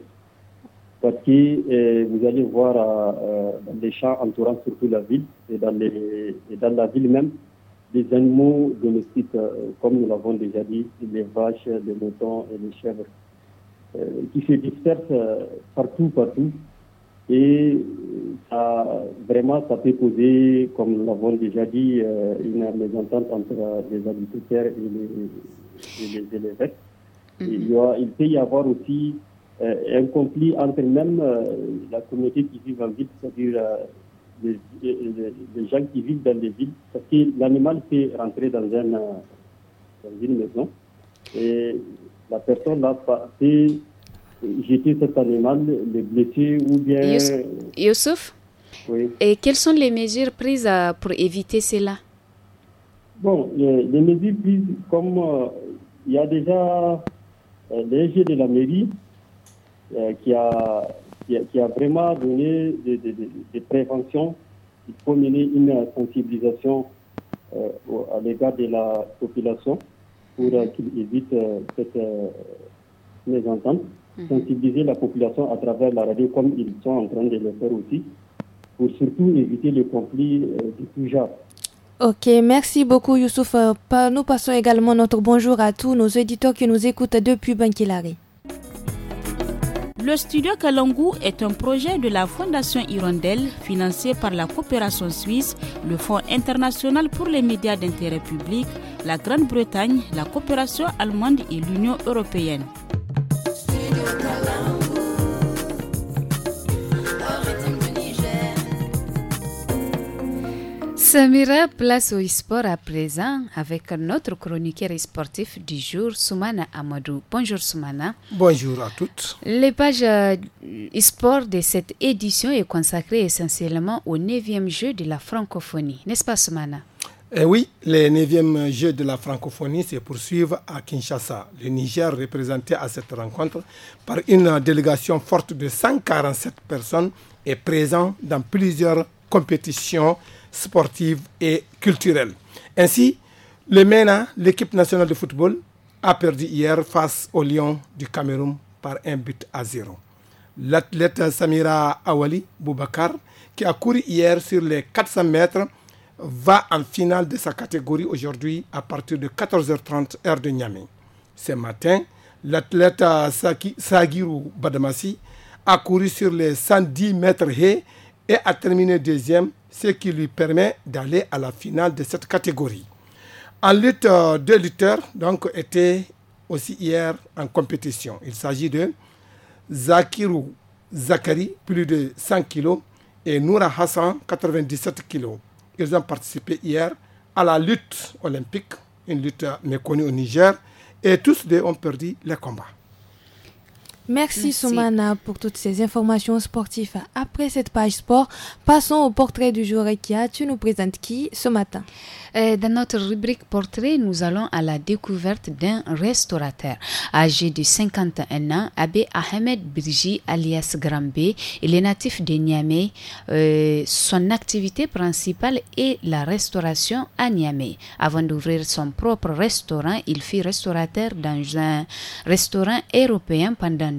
L: Parce que euh, vous allez voir dans euh, les champs entourant surtout la ville et dans, dans la ville même, des animaux domestiques, comme nous l'avons déjà dit, les vaches, les moutons et les chèvres, qui se dispersent partout, partout, et euh, ça, vraiment, ça peut poser, comme nous l'avons déjà dit, euh, une mésentente entre euh, les agriculteurs et les, évêques. Mhm. il, il, peut y avoir aussi un conflit entre même la communauté qui vit en ville, c'est-à-dire les, gens qui vivent dans les villes, parce que l'animal peut rentrer dans, une maison et la personne pas peut jeter cet animal, le blesser ou bien... Youssouf Oui.
B: Et quelles sont les mesures prises euh, pour éviter cela
L: Bon, euh, les, mesures prises, comme euh, il y a déjà de la mairie qui, a, qui, a, vraiment donné des, préventions, il faut mener une sensibilisation à l'égard de la population pour qu'ils évitent cette mésentente. Mhm. sensibiliser la population à travers la radio comme ils sont en train de le faire aussi, pour surtout éviter les conflits euh, du plus
A: Ok, merci beaucoup Youssouf. Euh, nous passons également notre bonjour à tous nos auditeurs qui nous écoutent depuis Bankilari.
M: Le studio Kalangu est un projet de la Fondation Hirondelle financé par la coopération suisse, le Fonds international pour les médias d'intérêt public, la Grande-Bretagne, la coopération allemande et l'Union européenne.
B: Samira, place au sport à présent avec notre chroniqueur sportif du jour, Soumana Amadou. Bonjour Soumana. Bonjour à toutes. Les pages euh, sport de cette édition est consacrée essentiellement au 9e jeu de la francophonie, n'est-ce pas Soumana
N: eh oui, les 9e Jeux de la francophonie se poursuivent à Kinshasa. Le Niger, représenté à cette rencontre par une délégation forte de 147 personnes, est présent dans plusieurs compétitions sportives et culturelles. Ainsi, le MENA, l'équipe nationale de football, a perdu hier face au Lion du Cameroun par un but à zéro. L'athlète Samira Awali Boubacar, qui a couru hier sur les 400 mètres, va en finale de sa catégorie aujourd'hui à partir de 14h30 heure de Niamey. Ce matin, l'athlète Sagiru Badamasi a couru sur les 110 mètres haies et a terminé deuxième, ce qui lui permet d'aller à la finale de cette catégorie. En lutte, euh, deux lutteurs donc, étaient aussi hier en compétition. Il s'agit de Zakirou Zakari, plus de 100 kg, et Noura Hassan, 97 kg. Ils ont participé hier à la lutte olympique, une lutte méconnue au Niger, et tous deux ont perdu les combats.
A: Merci, Soumana pour toutes ces informations sportives. Après cette page sport, passons au portrait du jour. a. tu nous présentes qui ce matin euh, Dans notre rubrique portrait, nous allons
B: à la découverte d'un restaurateur. Âgé de 51 ans, Abbé Ahmed Brigi, alias Grambé, il est natif de Niamey. Euh, son activité principale est la restauration à Niamey. Avant d'ouvrir son propre restaurant, il fut restaurateur dans un restaurant européen pendant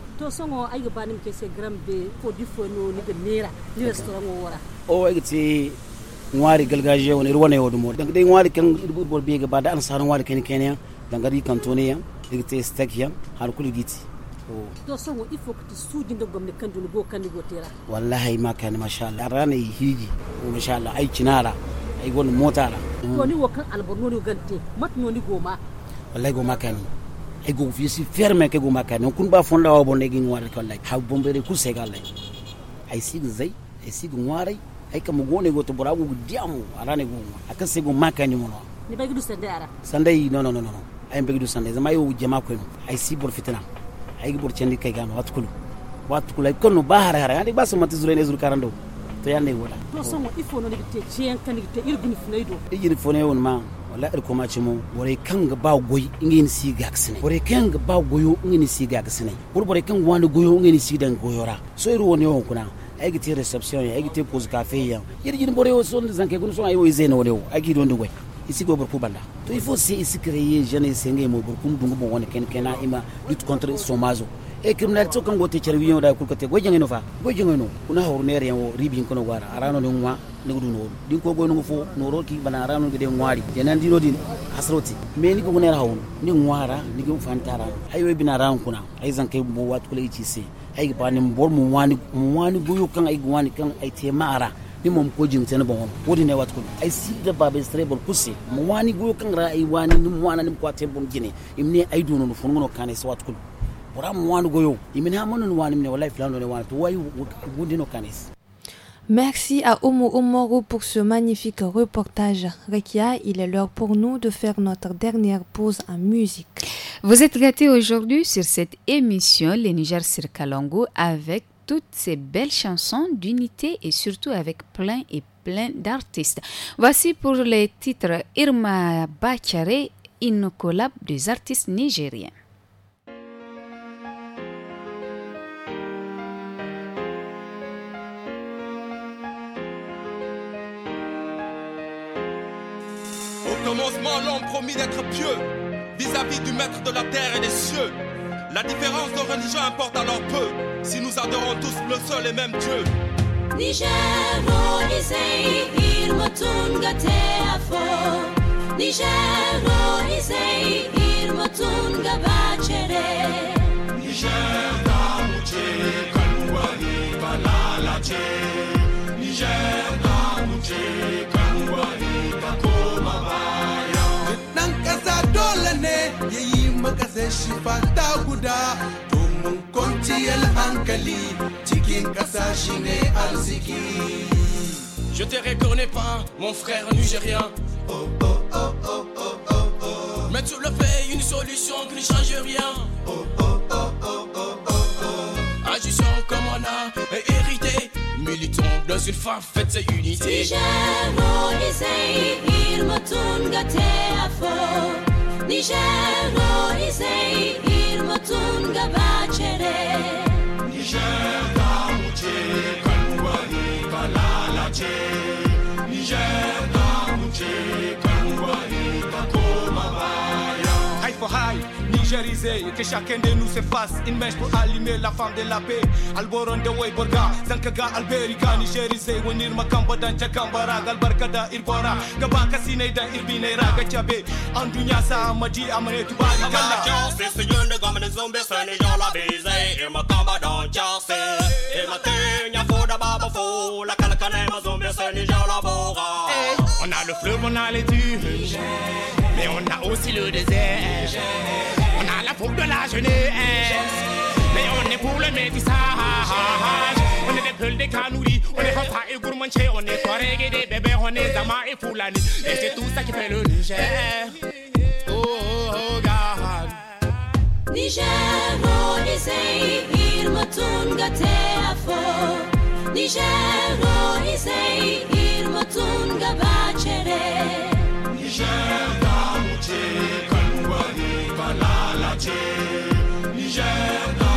M: to songo ayi ba nim kese gram be ko difo no ni be nera ni restaurant
E: o wora
F: o ay ti ngwari galgaje woni rwane yodu mo dang dey ngwari kan bol be ba da an sa ngwari ken ya dang gadi kantone ya te stack ya har kul giti
M: to songo il faut que tu suji ndo gomne kan dun go kan go tera
F: wallahi ma kan masha Allah rana hiji masha Allah ay cinara ay gon mota la to
M: ni kan alborno
G: ni gante mat no ni goma
F: wallahi goma kani ego visi ferme ke guma kane kun ba fonda wa bonde gi ngwar ko lay ha bombere ku sega lay ay e sig zay ay e sig ngware ay e kam gone go to borago diamu ne go aka sego mo no
M: ne ba gidu sande ara
F: sande no no no no ay be gidu sande zama yo jama ko no ay si bor fitna ay bor chendi kay gama wat kulu wat kulu ko no har hara ani basu mati zure ne zur karando to yande wala
M: to songo ifo no ne te chien kan ni te irgni funaido
F: irgni funaido ma wala ir koma ci mo kang ba goyi ingin si gaksine bore kan ga ba goyo ingin si gaksine bor bore kang wani goyo ingin si dan goyora so iru woni won kuna aigi ti reception ya aigi te pose cafe ya yiri jin bore wo son zanke gun so ayo izene wole wo aigi don dugwe isi go burku banda to il faut si isi créer jeune senge mo burku dungu bon woni ken kena ima lutte contre le chômage e criminal to go gote charbi da kul kote go jangeno fa go jangeno kuna hor ne rewo ribin kono wara arano ne ngwa ne gudu no din ko go no fo no roki bana arano gede ngwari jenan dino din asroti me ni ko ne rawo ni ngwara ni go fantara ayo bina ran kuna ay zan kai bo wat se ay ba ni bor mu wani mu wani go kan ay gwani kan ay te mara ni mom ko jim tene bon wodi ne wat ko ay sidda babe strebol kusi mu wani go kan ra ay wani ni mu wani ni ko te bon gine imne ay do no fo ngono kan ay wat ko
A: Merci à Oumu Oumoru pour ce magnifique reportage. Rekia, il est l'heure pour nous de faire notre dernière pause en musique.
B: Vous êtes gâtés aujourd'hui sur cette émission Les Niger Circalongo, avec toutes ces belles chansons d'unité et surtout avec plein et plein d'artistes. Voici pour les titres Irma Bachare, une collab des artistes nigériens.
C: d'être pieux vis-à-vis du maître de la terre et des cieux. La différence de religion importe alors peu si nous adorons tous le seul et même Dieu. Niger
E: ya yi maka shi ta guda domin kwanciyar hankali cikin ƙasa shi ne arziki
D: Je te reconnais pas, mon frère nigérien. Oh, oh, oh, oh, oh, oh, oh. Mais tu le fais, une solution qui ne change rien. Oh, oh, oh, oh, oh, oh, oh. Agissons comme on a et hérité. Militons dans une
E: femme, faites cette unité. Si j'ai il me tourne gâté à fond. نیشەر ڕۆی سەی پیرمەتون گەباچێرێ نیشەر داوچێ کەنوەری بەلالاچێ نیشەر داوچێ کەنوەری
N: بە کۆمەبایە هەیفۆ های nigérisé que chacun de nous se fasse une mèche pour allumer la femme de la paix alboron de way borga zankaga alberiga nigérisé wonir makamba dan chakamba Galbarkada irbora gaba kasine dan irbine raga chabe an dunya sa amadi amane tubari kala jose se yonde gamane zombe sane yola
C: beze e makamba dan jose e matenya foda baba Fou, la Kalakane
N: kana mazombe sane yola bora on a le fleuve on a les dunes mais on a aussi le désert pour de la jeunesse. Mais on est pour le métissage. On est des peuls des canouris, on est papa et gourmandier, on est Touareg et des bébés, on est Zama et Foulani. Et c'est tout ça qui fait le Niger. Oh, oh, oh, God. Niger, on
E: essaye, il me tourne gâté à fort. Niger, on essaye, il me tourne gâté à fort. Niger, on essaye, la la Niger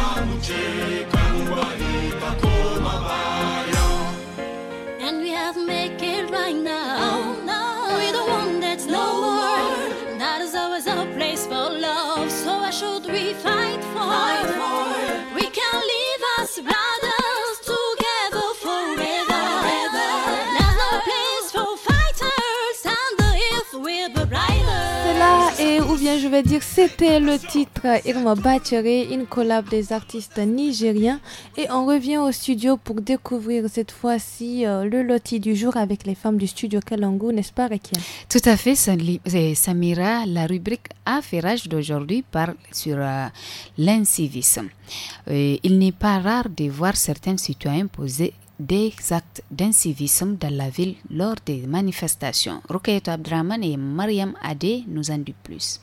A: ou bien je vais dire c'était le titre Irma Bachere, une collab des artistes nigériens. Et on revient au studio pour découvrir cette fois-ci euh, le loti du jour avec les femmes du studio Kalangu, n'est-ce pas Rekia
B: Tout à fait Samira, la rubrique Affairage d'aujourd'hui parle sur euh, l'incivisme. il n'est pas rare de voir certains citoyens poser des actes d'incivisme dans la ville lors des manifestations. Rukayeto Abdraman et Mariam Adé nous en disent plus.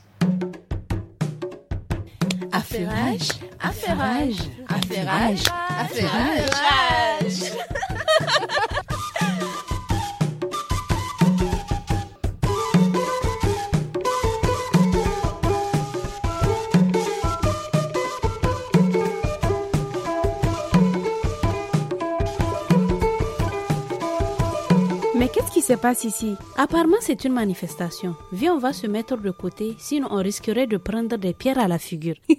M: passe ici Apparemment, c'est une manifestation. Viens, on va se mettre de côté, sinon on risquerait de prendre des pierres à la figure. <laughs>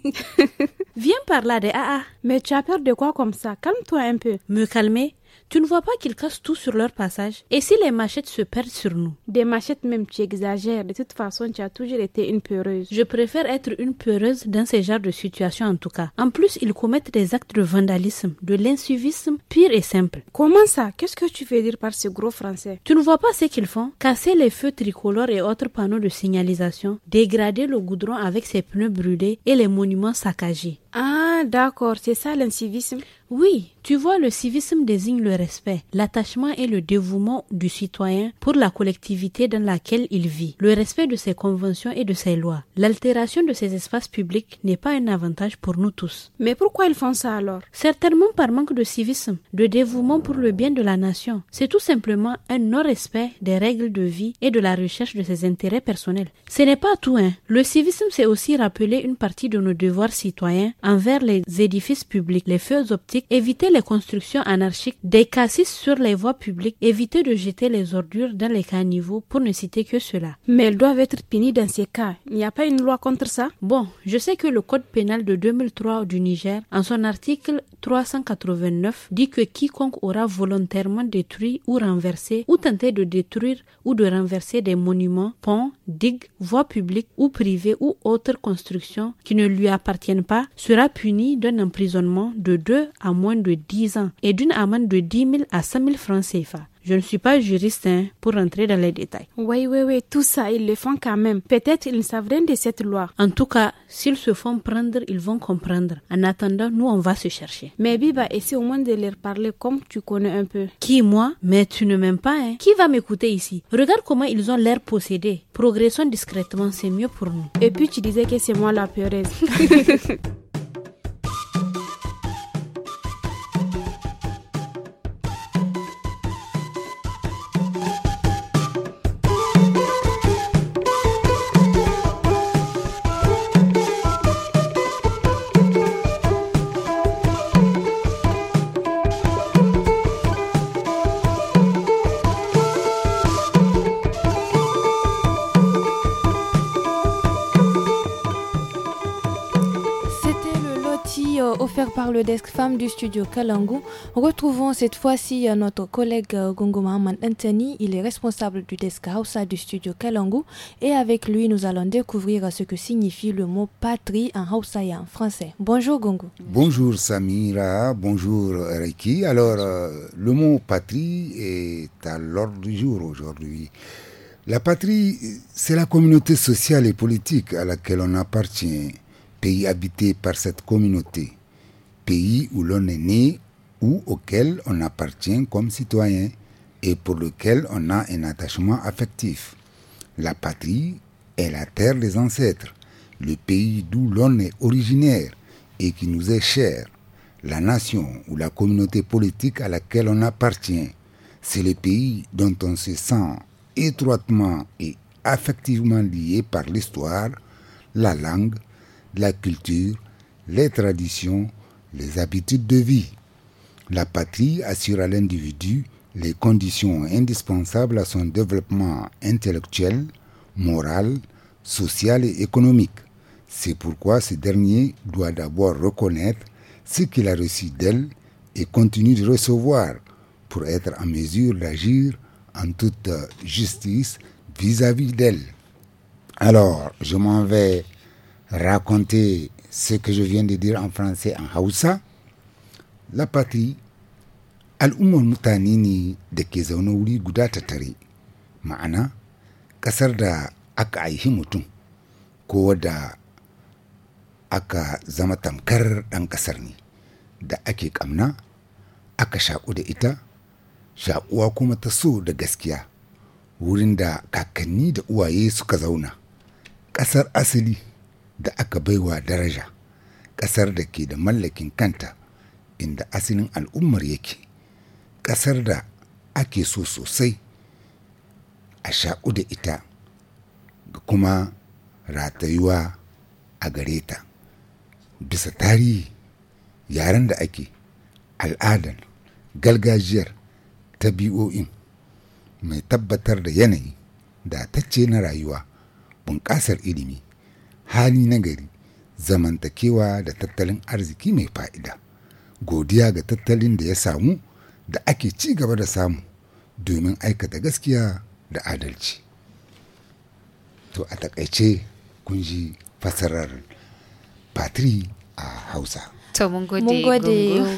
M: Viens par là des AA. Ah, ah. Mais tu as peur de quoi comme ça Calme-toi un peu. Me calmer tu ne vois pas qu'ils cassent tout sur leur passage Et si les machettes se perdent sur nous Des machettes même, tu exagères. De toute façon, tu as toujours été une peureuse. Je préfère être une peureuse dans ces genres de situations en tout cas. En plus, ils commettent des actes de vandalisme, de l'insuivisme pire et simple. Comment ça Qu'est-ce que tu veux dire par ce gros français Tu ne vois pas ce qu'ils font Casser les feux tricolores et autres panneaux de signalisation, dégrader le goudron avec ses pneus brûlés et les monuments saccagés. Ah, d'accord, c'est ça l'incivisme oui, tu vois, le civisme désigne le respect, l'attachement et le dévouement du citoyen pour la collectivité dans laquelle il vit, le respect de ses conventions et de ses lois. L'altération de ces espaces publics n'est pas un avantage pour nous tous. Mais pourquoi ils font ça alors Certainement par manque de civisme, de dévouement pour le bien de la nation. C'est tout simplement un non-respect des règles de vie et de la recherche de ses intérêts personnels. Ce n'est pas tout, hein. Le civisme, c'est aussi rappeler une partie de nos devoirs citoyens envers les édifices publics, les feux optiques, éviter les constructions anarchiques, des cassis sur les voies publiques, éviter de jeter les ordures dans les caniveaux pour ne citer que cela. Mais elles doivent être punies dans ces cas. Il n'y a pas une loi contre ça Bon, je sais que le Code pénal de 2003 du Niger, en son article 389 dit que quiconque aura volontairement détruit ou renversé ou tenté de détruire ou de renverser des monuments, ponts, digues, voies publiques ou privées ou autres constructions qui ne lui appartiennent pas sera puni d'un emprisonnement de 2 à moins de 10 ans et d'une amende de 10 000 à 5 000 francs CFA. Je ne suis pas juriste hein, pour rentrer dans les détails. Oui, oui, oui, tout ça, ils le font quand même. Peut-être ils ne savent rien de cette loi. En tout cas, s'ils se font prendre, ils vont comprendre. En attendant, nous, on va se chercher. Mais Biba, essaie au moins de leur parler comme tu connais un peu. Qui, moi Mais tu ne m'aimes pas, hein Qui va m'écouter ici Regarde comment ils ont l'air possédés. Progressons discrètement, c'est mieux pour nous. Et puis tu disais que c'est moi la peureuse. <laughs>
A: faire par le desk femme du studio Kalangu. Retrouvons cette fois-ci euh, notre collègue euh, Gongo Mahaman Anthony. Il est responsable du desk Hausa du studio Kalangu. Et avec lui, nous allons découvrir ce que signifie le mot patrie en Hausa en français. Bonjour Gongo.
O: Bonjour Samira. Bonjour Reiki. Alors, euh, le mot patrie est à l'ordre du jour aujourd'hui. La patrie, c'est la communauté sociale et politique à laquelle on appartient, pays habité par cette communauté pays où l'on est né ou auquel on appartient comme citoyen et pour lequel on a un attachement affectif. La patrie est la terre des ancêtres, le pays d'où l'on est originaire et qui nous est cher, la nation ou la communauté politique à laquelle on appartient. C'est le pays dont on se sent étroitement et affectivement lié par l'histoire, la langue, la culture, les traditions, les habitudes de vie. La patrie assure à l'individu les conditions indispensables à son développement intellectuel, moral, social et économique. C'est pourquoi ce dernier doit d'abord reconnaître ce qu'il a reçu d'elle et continue de recevoir pour être en mesure d'agir en toute justice vis-à-vis d'elle. Alors, je m'en vais raconter ce que je viens de dire en français en hausa la patrie al'ummar mutane ne da ke zaune wuri guda ta tare ma'ana ƙasar da aka aihi mutum ko da aka zama tamkar ɗan ƙasar ne da ake ƙamna aka shaƙu da ita shaƙuwa kuma ta so da gaskiya wurin da kakanni da uwaye suka zauna ƙasar asali da aka baiwa daraja ƙasar da ke da mallakin kanta inda asalin al'ummar yake ƙasar da ake so sosai a shaƙu da ita ga kuma ratayuwa a gare ta bisa tarihi yaren da ake al'adar ta biyoyin mai tabbatar da yanayi da na rayuwa bunƙasar ilimi hali na gari zamantakewa da tattalin arziki mai fa'ida godiya ga tattalin da ya samu da ake ci gaba da samu domin aikata gaskiya da adalci to a takaice kun ji fasarar patri a hausa
D: To
A: mun gode Mun gode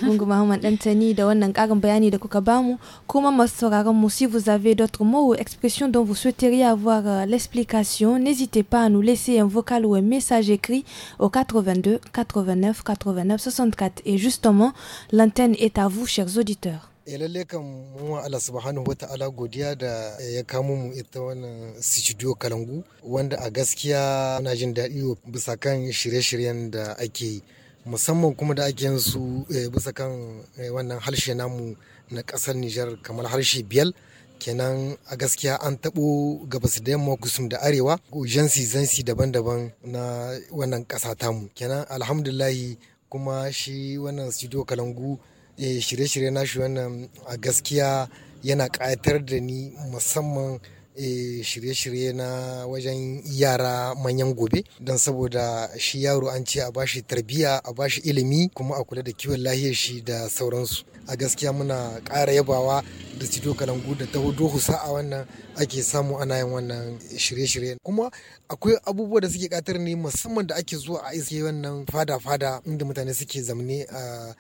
A: Gungu Muhammad Dantani da wannan karin bayani da kuka bamu kuma masu sauraron mu si vous avez d'autres mots ou expressions dont vous souhaiteriez avoir euh, l'explication n'hésitez pas à nous laisser un vocal ou un message écrit au 82 89 89 64 et justement l'antenne est à vous chers auditeurs.
P: ya eh, lalle kan mu Allah subhanahu wata'ala godiya da ya kamo mu ita wannan studio kalangu wanda a gaskiya muna jin daɗi bisa kan shirye-shiryen da ake yi musamman kuma da ake yin su eh, bisa kan eh, wannan harshe namu na ƙasar Nijar kamar harshe biyal kenan a gaskiya an taɓo gabas da yamma kusum da arewa jansi zansi daban-daban na wannan ƙasa tamu kenan alhamdulahi kuma shi wannan studio kalangu eh, shirye-shirye nashi wannan a gaskiya yana ƙayatar da ni musamman Eh, shirye-shirye na wajen yara manyan gobe don saboda shi yaro an ce a bashi tarbiyya a bashi ilimi kuma a kula da kiwon lahiyar shi da sauransu a gaskiya muna kara yabawa da cido kalangu da ta dohu sa'a wannan ake samu ana yin wannan shirye-shirye kuma akwai abubuwa da suke katar ne musamman da ake zuwa a iske wannan fada-fada inda mutane suke zamne a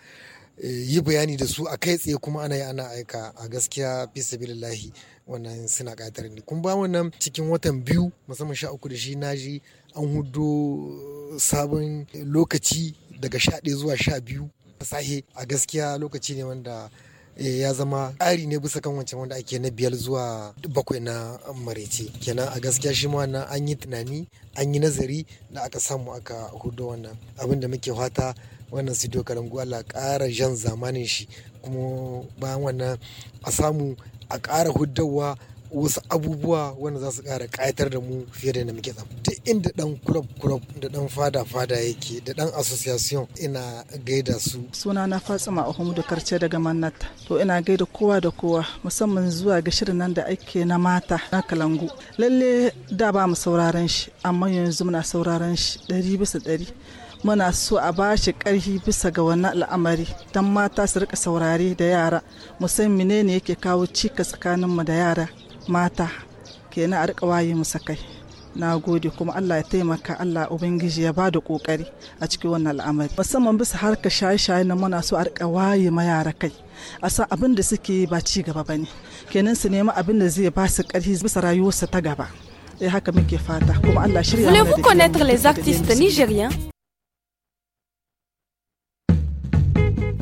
P: eh, yi bayani da su a kai tsaye kuma ana yi ana aika a gaskiya fi sabilillahi wannan suna katar ni kuma ba wannan cikin watan biyu musamman sha uku da shi na ji an hudu uh, sabon lokaci daga sha ɗaya zuwa sha biyu sahe a gaskiya lokaci ne wanda eh, ya zama ƙari ne bisa kan wancan wanda ake na biyar zuwa bakwai na marece kenan a gaskiya shi ma wannan an yi tunani an yi nazari da aka samu aka hudu wannan abin da muke fata wannan studio karangu Allah ƙara jan zamanin shi kuma bayan wannan a samu a ƙara huddarwa wasu abubuwa wanda za su ƙara ƙayatar da mu fiye da muke zama duk inda dan club club da dan fada fada yake da dan association ina gaida su
H: suna na fatsima ahmadu karce daga mannata to ina gaida kowa da kowa musamman zuwa ga shirin nan da ake na mata na kalangu lalle da ba mu sauraron shi amma yanzu muna sauraron shi ɗari bisa ɗari muna so a ba shi ƙarfi bisa ga wannan al'amari don mata su rika saurare da yara musan menene yake kawo cika tsakanin mu da yara mata kenan a rika waye musa kai na gode kuma Allah ya taimaka Allah Ubangiji ya ba da kokari a cikin wannan al'amari musamman bisa harka shaye-shaye na muna so a rika waye ma yara kai a san abin da suke ba ci gaba bane kenan su nema abin da zai ba su ƙarfi bisa rayuwarsa ta gaba eh haka muke fata kuma Allah shirya
A: Voulez-vous connaître les artistes nigériens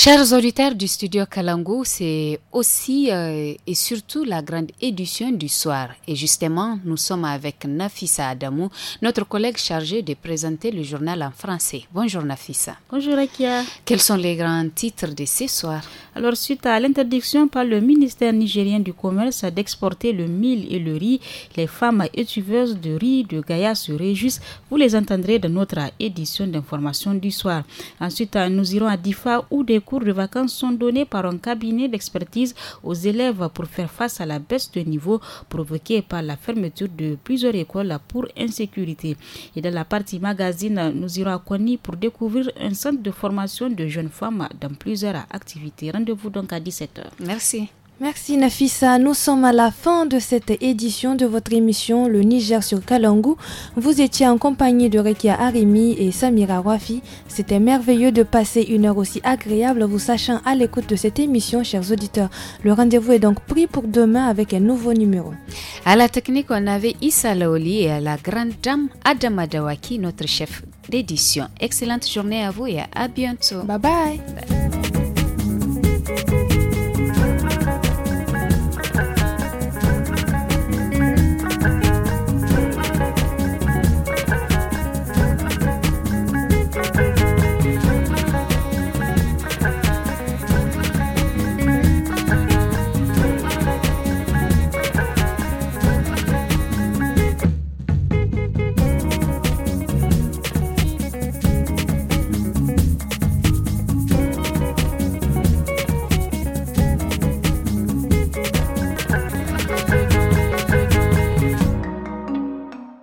B: Chers auditeurs du studio Kalango, c'est aussi euh, et surtout la grande édition du soir. Et justement, nous sommes avec Nafissa Adamou, notre collègue chargée de présenter le journal en
M: français. Bonjour Nafissa. Bonjour Akia. Quels sont les grands titres de ce soir Alors, suite à l'interdiction par le ministère nigérien du commerce d'exporter le mil et le riz, les femmes étuveuses de riz de Gaïa se réjouissent. Vous les entendrez dans notre édition d'information du soir. Ensuite, nous irons à Difa où des cours de vacances sont donnés par un cabinet d'expertise aux élèves pour faire face à la baisse de niveau provoquée par la fermeture de plusieurs écoles pour insécurité. Et dans la partie magazine, nous irons à Kony pour découvrir un centre de formation de jeunes femmes dans plusieurs activités. Rendez-vous donc à 17h. Merci.
A: Merci Nafissa, nous sommes à la fin de cette édition de votre émission Le Niger sur Kalangu. Vous étiez en compagnie de Rekia Arimi et Samira Wafi. C'était merveilleux de passer une heure aussi agréable vous sachant à l'écoute de cette émission, chers auditeurs. Le rendez-vous est donc pris pour demain avec un nouveau numéro. À la technique,
B: on avait Issa Laoli et à la grande dame Adam Adawaki, notre chef d'édition. Excellente journée à vous et à bientôt. bye. bye.